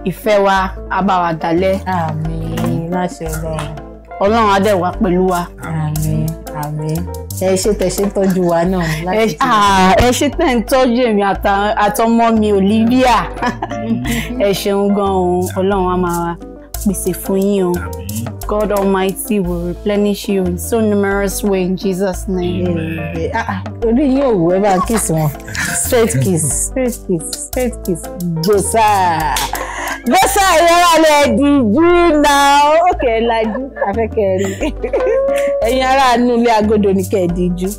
ìfẹ́ wa á bá wa dalẹ̀. àmín láṣẹ Ọlọ́run. Ọlọ́run á dẹ̀ wá pẹ̀lú wa. àmín àmín ẹ ṣe tẹ ṣe ń tọ́jú wa náà láti ẹ ṣe tẹ ń tọ́jú èmi àtọmọ mi Olivia ẹ ṣeun gan òun Ọlọ́run á máa pèsè fún yín o God Almighty will replenish you in so numerous way in Jesus name. Ah, orí yín ò wú ẹ bá kiss wọn straight kiss straight kiss straight kiss gbòòsà gbèsè ìrora lè dìjú náà òkè lajú afẹ́kẹ̀rí ẹ̀yin ará inú ilé agodo ní kẹ́ ẹ̀ dìjú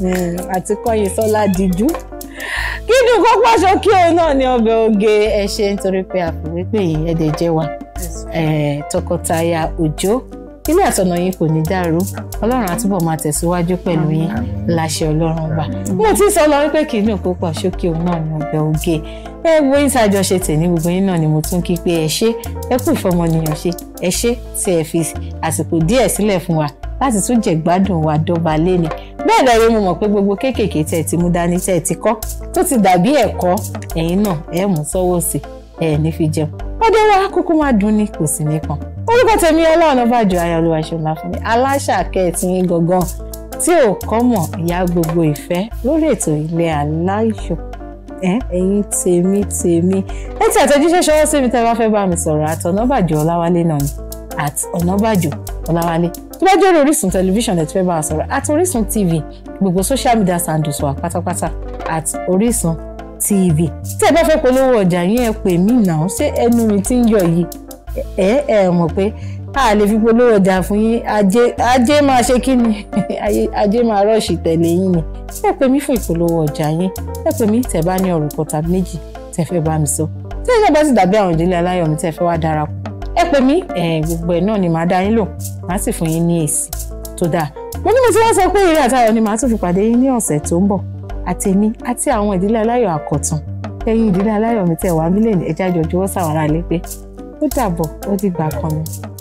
hmm, àti kọ́yìn sọ́lá dìjú kí ni kókó ṣókí òun náà ní ọbẹ̀ oge ẹ ṣe nítorí pé àfìwé pé yìí ẹ̀dẹ̀ jẹ́ wa tọkọtaya òjò ilé àtọ̀nà yín kò ní dàrú ọlọ́run àtúbọ̀ máa tẹ̀síwájú pẹ̀lú yín láṣẹ ọlọ́run ọba mo ti sọ lọ wípé kì í ní òkú pàṣókè òun náà ní ọbẹ̀ oge ẹ wo ìsàjọṣe tèmi gbogbo yín náà ni mo tún kí pé ẹ ṣé ẹ kú ìfọmọnìyàn ṣe ẹ ṣé tí ẹ fi àsìkò díẹ̀ sílẹ̀ fún wa láti tún jẹ̀gbádùn wa dọ́ba léni bẹ́ẹ̀ lẹ́rìí mo mọ̀ pé gbogbo kéékèèké tẹ̀ ti mú dání tẹ̀ ti kọ́ tó ti dàbí ẹ̀kọ́ ẹ̀yin náà ẹ mú sọ́wọ́ sí ẹ ní fi jẹun ọdẹ wa kúkú máa dùn ní kò sí nìkan orúkọ tèmi Ọlá Ọ̀nàbàjọ aya Olúwaṣọlá fún mi aláṣà kẹ́ẹ̀tì yín gangan tí ò kọ́ mọ̀ ìyá gbogbo ìfẹ́ lórí ètò ilé aláìṣòkò Eh? ẹ̀yin tèmi tèmi ẹ ti àtẹ̀jíṣẹ́ ṣọwọ́ sí mi tẹ́ bá fẹ́ bá mi sọ̀rọ̀ àti Ọ̀nàbàjò Ọláwálé náà ni àti Ọ̀nàbàjò Ọláwálé tó bá jẹ́rìí Orísun tẹlifíṣàn ẹ̀ tó fẹ́ bá wa sọ̀rọ̀ àti Orísun TV gbogbo social media sandals wà pátápátá àti Orísun TV tí ẹ bá fẹ́ polówó ọjà yín ẹ pè mí náà ṣé ẹnu mi ti ń yọ yìí ẹ ẹ mọ̀ pé a lè fi polówó ọjà fún yín ajé ajé máa ṣe kí ni ajé máa rọ́ọ̀ṣì tẹ̀lé yín ni ẹ pè mí fún ìpolówó ọjà yín ẹ pè mí tẹ́ bá ní ọ̀rọ̀ kan tàbí méjì tẹ́ fẹ́ bá mi sọ tí ẹ bá sì dàbí àwọn ìdílé aláyọ̀ mi tẹ́ fẹ́ wá darapọ̀ ẹ pè mí gbogbo ẹ̀ náà ni màá dá yín lò màá sì fún yín ní èsì tó dáa mo ní mo ti wá sọ pé eré àtayọ̀ ni màá tún fi pàdé yín ní ọ̀sẹ̀ tó ń bọ̀ àtẹ̀mí àti àwọn ìdílé aláyọ̀ àkọ̀tàn ẹ̀yin ìdílé aláyọ̀ mi tẹ́ wà mílíọ̀nù ẹ̀já jọjọ́ sáwọn aráalé pé ó dàbọ̀ ó dìgbà kan ni.